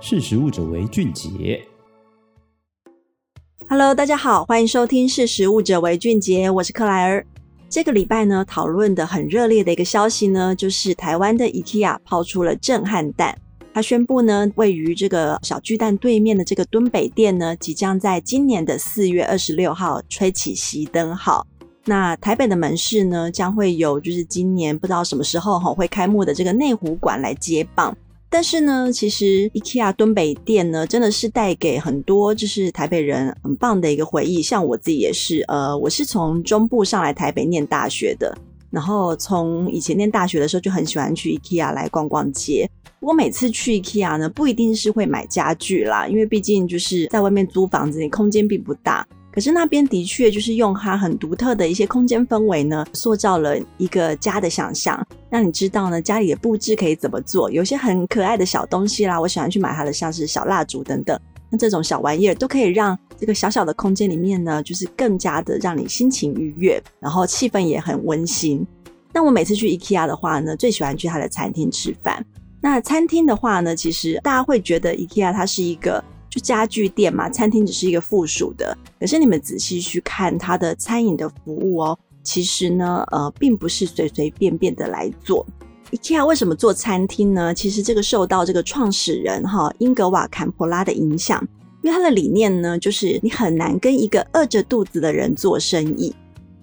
識食物者為俊傑。Hello，大家好，歡迎收聽識食物者為俊傑，我是克萊爾。這個禮拜呢，討論的很熱烈的一個消息呢，就是台灣的 IKEA 拋出了震撼彈，他宣布呢，位於這個小巨蛋對面的這個敦北店呢，即將在今年的四月二十六號吹起熄燈號。那台北的門市呢，將會有就是今年不知道什麼時候哈會開幕的這個內湖館來接棒。但是呢，其實 IKEA 敦北店呢，真的是帶給很多就是台北人很棒的一個回憶。像我自己也是，呃，我是從中部上來台北念大學的，然後從以前念大學的時候就很喜歡去 IKEA 來逛逛街。我每次去 IKEA 呢，不一定是會買家具啦，因為畢竟就是在外面租房子，你空間並不大。可是那邊的確就是用它很獨特的一些空間氛圍呢，塑造了一個家的想象，讓你知道呢，家裡的布置可以怎麼做。有些很可愛的小東西啦，我喜歡去買它的，像是小蠟燭等等，那這種小玩意兒都可以讓這個小小的空間裡面呢，就是更加的讓你心情愉悅，然後氣氛也很溫馨。那我每次去 IKEA 的話呢，最喜歡去它的餐廳吃飯。那餐廳的話呢，其實大家會覺得 IKEA 它是一個。家具店嘛，餐廳只是一個附屬的。可是你們仔細去看它的餐飲的服務哦，其實呢，呃，並不是隨隨便便的來做。IKEA 為什麼做餐廳呢？其實這個受到這個創始人哈、哦、英格瓦·坎普拉的影響，因為他的理念呢，就是你很難跟一個餓着肚子的人做生意。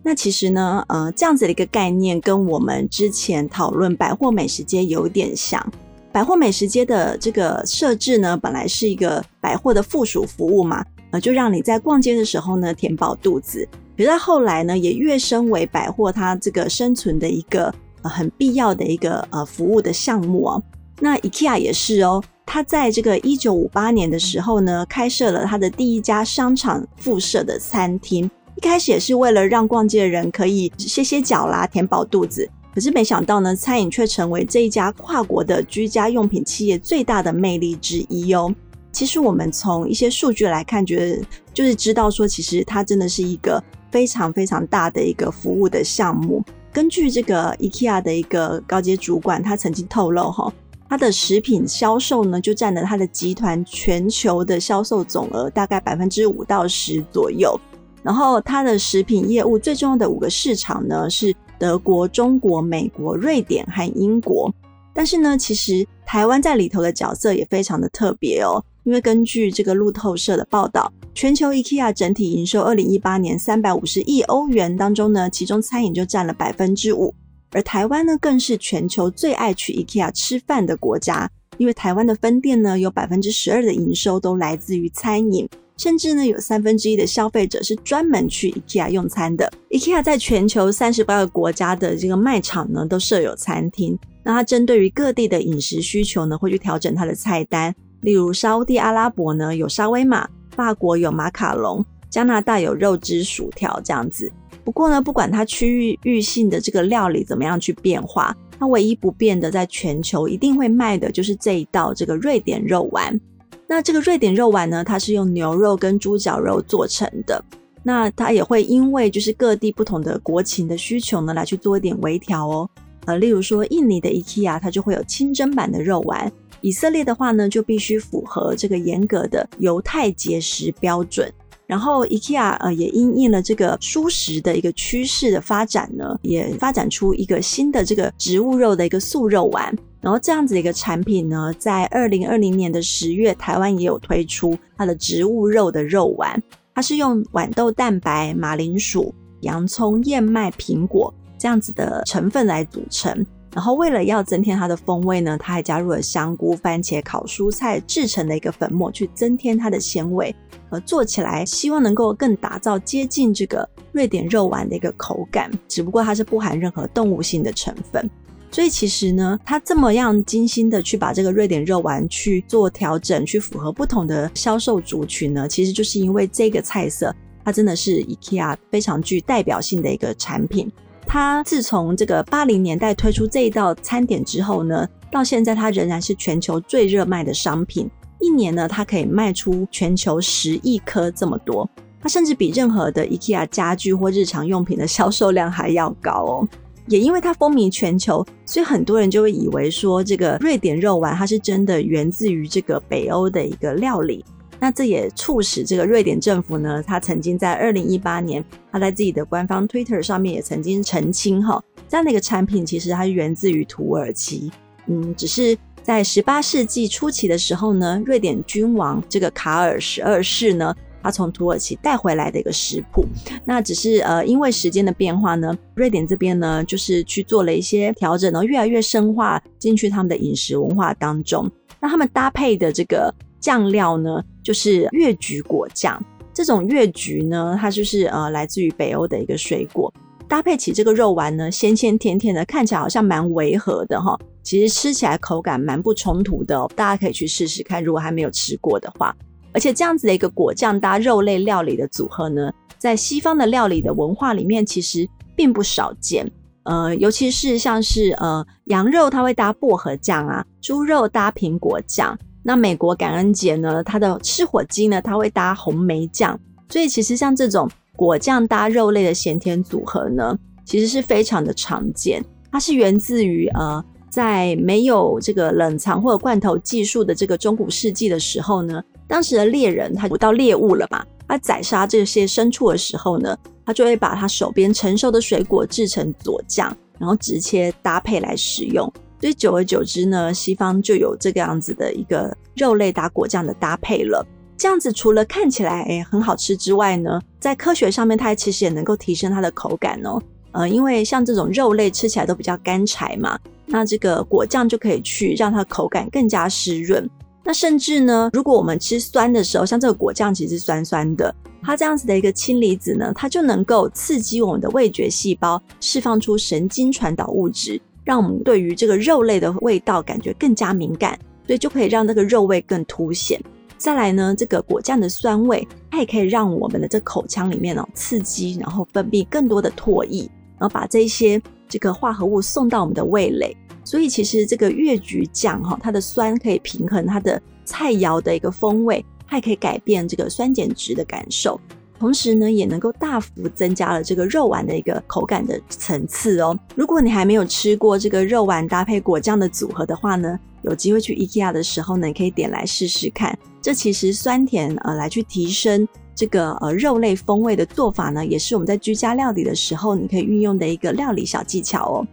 那其實呢，呃，這樣子的一個概念跟我們之前討論百貨美食街有點像。百貨美食街的這個設置呢，本來是一個百貨的附屬服務嘛，呃，就讓你在逛街的時候呢，填飽肚子。可是到後來呢，也躍升為百貨它這個生存的一個，呃，很必要的一個呃服務的項目哦。那 IKEA 也是哦，它在這個一九五八年的時候呢，開設了它的第一家商場附設的餐廳，一開始也是為了讓逛街的人可以歇歇腳啦，填飽肚子。可是沒想到呢，餐飲卻成為這一家跨國的居家用品企業最大的魅力之一哦。其實我們從一些數據來看，覺得就是知道說，其實它真的是一個非常非常大的一個服務的項目。根據這個 IKEA 的一個高階主管，他曾經透露哈、哦，他的食品銷售呢，就佔了他的集團全球的銷售總額大概百分之五到十左右。然後他的食品業務最重要的五個市場呢是，德國、中國、美國、瑞典和英國，但是呢，其實台灣在裡頭的角色也非常的特別哦。因為根據這個路透社的報道，全球 IKEA 整體營收二零一八年三百五十億歐元當中呢，其中餐飲就占了百分之五，而台灣呢，更是全球最愛去 IKEA 吃飯的國家，因為台灣的分店呢，有百分之十二的營收都來自於餐飲。甚至呢，有三分之一的消費者是專門去 IKEA 用餐的。IKEA 在全球三十八個國家的這個賣場呢，都設有餐廳。那它針對於各地的飲食需求呢，會去調整它的菜單。例如沙烏地阿拉伯呢，有沙威瑪，法國有馬卡龍，加拿大有肉汁薯條這樣子。不過呢，不管它區域域性的這個料理怎麼樣去變化，它唯一不變的，在全球一定會賣的就是這一道這個瑞典肉丸。那這個瑞典肉丸呢，它是用牛肉跟豬絞肉做成的。那它也會因為就是各地不同的國情的需求呢，來去做一點微調哦。呃，例如說印尼的 IKEA，它就會有清真版的肉丸；以色列的話呢，就必須符合這個嚴格的猶太節食標準。然後，IKEA 呃也因應了這個蔬食的一個趨勢的發展呢，也發展出一個新的這個植物肉的一個素肉丸。然後這樣子的一個產品呢，在二零二零年的十月，台灣也有推出它的植物肉的肉丸，它是用豌豆蛋白、馬鈴薯、洋蔥、燕麥、蘋果這樣子的成分來組成。然後為了要增添它的風味呢，它還加入了香菇、番茄、烤蔬菜製成的一個粉末，去增添它的鮮味。呃，做起來希望能夠更打造接近這個瑞典肉丸的一個口感。只不過它是不含任何動物性的成分，所以其實呢，它這麼樣精心的去把這個瑞典肉丸去做調整，去符合不同的銷售族群呢，其實就是因為這個菜色，它真的是 IKEA 非常具代表性的一個產品。它自從這個八零年代推出這一道餐點之後呢，到現在它仍然是全球最熱賣的商品。一年呢，它可以賣出全球十億顆這麼多。它甚至比任何的 IKEA 家具或日常用品的銷售量還要高哦。也因為它風靡全球，所以很多人就會以為說，這個瑞典肉丸它是真的源自於這個北歐的一個料理。那這也促使這個瑞典政府呢，他曾經在二零一八年，他在自己的官方 Twitter 上面也曾經澄清哈，這樣的一個產品其實它是源自於土耳其，嗯，只是在十八世紀初期的時候呢，瑞典君王這個卡爾十二世呢，他從土耳其帶回來的一個食譜，那只是呃因為時間的變化呢，瑞典這邊呢就是去做了一些調整，然後越來越深化進去他們的飲食文化當中，那他們搭配的這個。醬料呢，就是越橘果醬。這種越橘呢，它就是呃，來自於北歐的一個水果。搭配起這個肉丸呢，鮮鮮甜甜的，看起來好像蠻違和的哈、哦。其實吃起來口感蠻不衝突的、哦，大家可以去試試看，如果還沒有吃過的話。而且這樣子的一個果醬搭肉類料理的組合呢，在西方的料理的文化裡面其實並不少見。呃，尤其是像是呃羊肉，它會搭薄荷醬啊，豬肉搭蘋果醬。那美國感恩節呢，它的吃火雞呢，它會搭紅莓醬，所以其實像這種果醬搭肉類的鹹甜組合呢，其實是非常的常見。它是源自於呃，在沒有這個冷藏或者罐頭技術的這個中古世紀的時候呢，當時的獵人他捕到獵物了嘛，他宰殺這些牲畜的時候呢，他就會把他手邊成熟的水果製成果醬，然後直接搭配來食用。所以久而久之呢，西方就有這個樣子的一個肉類搭果醬的搭配了。這樣子除了看起來很好吃之外呢，在科學上面它其實也能夠提升它的口感哦。呃，因為像這種肉類吃起來都比較乾柴嘛，那這個果醬就可以去讓它的口感更加濕潤。那甚至呢，如果我們吃酸的時候，像這個果醬其實是酸酸的，它這樣子的一個氫離子呢，它就能夠刺激我們的味覺細胞，釋放出神經傳導物質，讓我們對於這個肉類的味道感覺更加敏感，所以就可以讓那個肉味更凸顯。再來呢，這個果醬的酸味，它也可以讓我們的這口腔裡面呢、哦、刺激，然後分泌更多的唾液，然後把這些這個化合物送到我們的味蕾。所以其實這個越橘醬哈、哦，它的酸可以平衡它的菜餚的一個風味，它也可以改變這個酸鹼值的感受。同時呢，也能夠大幅增加了這個肉丸的一個口感的層次哦。如果你還沒有吃過這個肉丸搭配果醬的組合的話呢，有機會去 IKEA 的時候呢，你可以點來試試看。這其實酸甜呃來去提升這個呃肉類風味的做法呢，也是我們在居家料理的時候你可以運用的一個料理小技巧哦。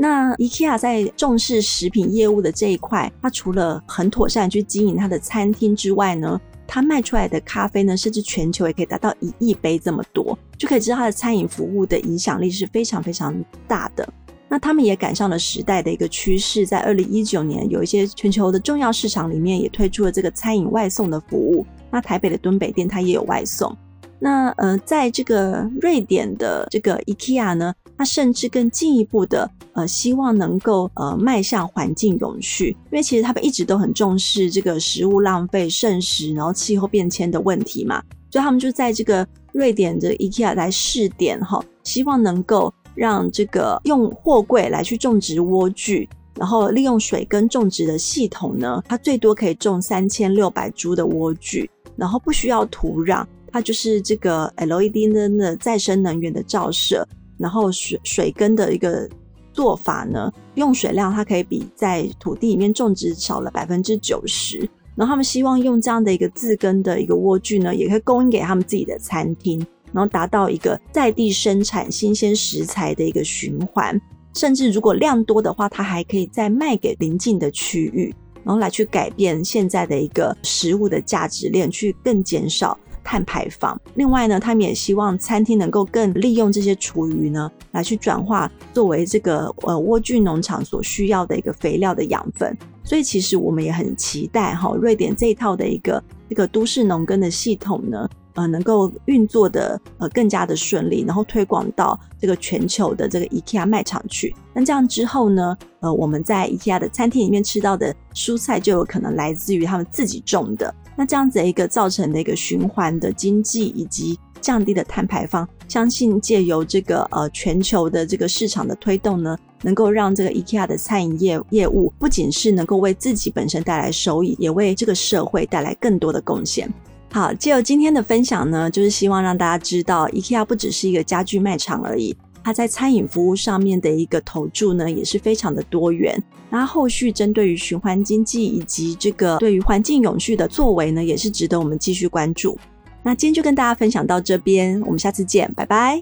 那 IKEA 在重視食品業務的這一塊，它除了很妥善去經營它的餐廳之外呢。它賣出來的咖啡呢，甚至全球也可以達到一億杯這麼多，就可以知道它的餐飲服務的影響力是非常非常大的。那他們也趕上了時代的一個趨勢，在二零一九年，有一些全球的重要市場裡面也推出了這個餐飲外送的服務。那台北的敦北店它也有外送。那呃，在這個瑞典的這個 IKEA 呢，他甚至更進一步的，呃，希望能夠呃邁向環境永續，因為其實他們一直都很重視這個食物浪費、剩食，然後氣候變遷的問題嘛，所以他們就在這個瑞典的 IKEA 來試點哈，希望能夠讓這個用貨櫃來去種植萵苣，然後利用水耕種植的系統呢，它最多可以種三千六百株的萵苣，然後不需要土壤，它就是這個 LED 燈的再生能源的照射。然後水水耕的一個做法呢，用水量，它可以比在土地裡面種植少了百分之九十。然後他們希望用這樣的一個自耕的一個萵苣呢，也可以供應給他們自己的餐廳，然後達到一個在地生產新鮮食材的一個循環。甚至如果量多的話，它還可以再賣給臨近的區域，然後來去改變現在的一個食物的價值鏈，去更減少碳排放。另外呢，他們也希望餐廳能夠更利用這些廚餘呢，來去轉化作為這個呃萵苣農場所需要的一個肥料的養分。所以其實我們也很期待哈、哦，瑞典這一套的一個這個都市農耕的系統呢，呃，能夠運作的呃更加的順利，然後推廣到這個全球的這個 IKEA 賣場去。那這樣之後呢，呃，我們在 IKEA 的餐廳裡面吃到的蔬菜就有可能來自於他們自己種的。那這樣子的一個造成的一個循環的經濟，以及降低的碳排放，相信借由這個呃全球的這個市場的推動呢，能夠讓這個 IKEA 的餐飲業業務，不僅是能夠為自己本身帶來收益，也為這個社會帶來更多的貢獻。好，借由今天的分享呢，就是希望讓大家知道，IKEA 不只是一個家具賣場而已。它在餐飲服務上面的一個投注呢，也是非常的多元。那後續針對於循環經濟以及這個對於環境永續的作為呢，也是值得我們繼續關注。那今天就跟大家分享到這邊，我們下次見，拜拜。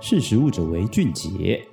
識食物者為俊傑。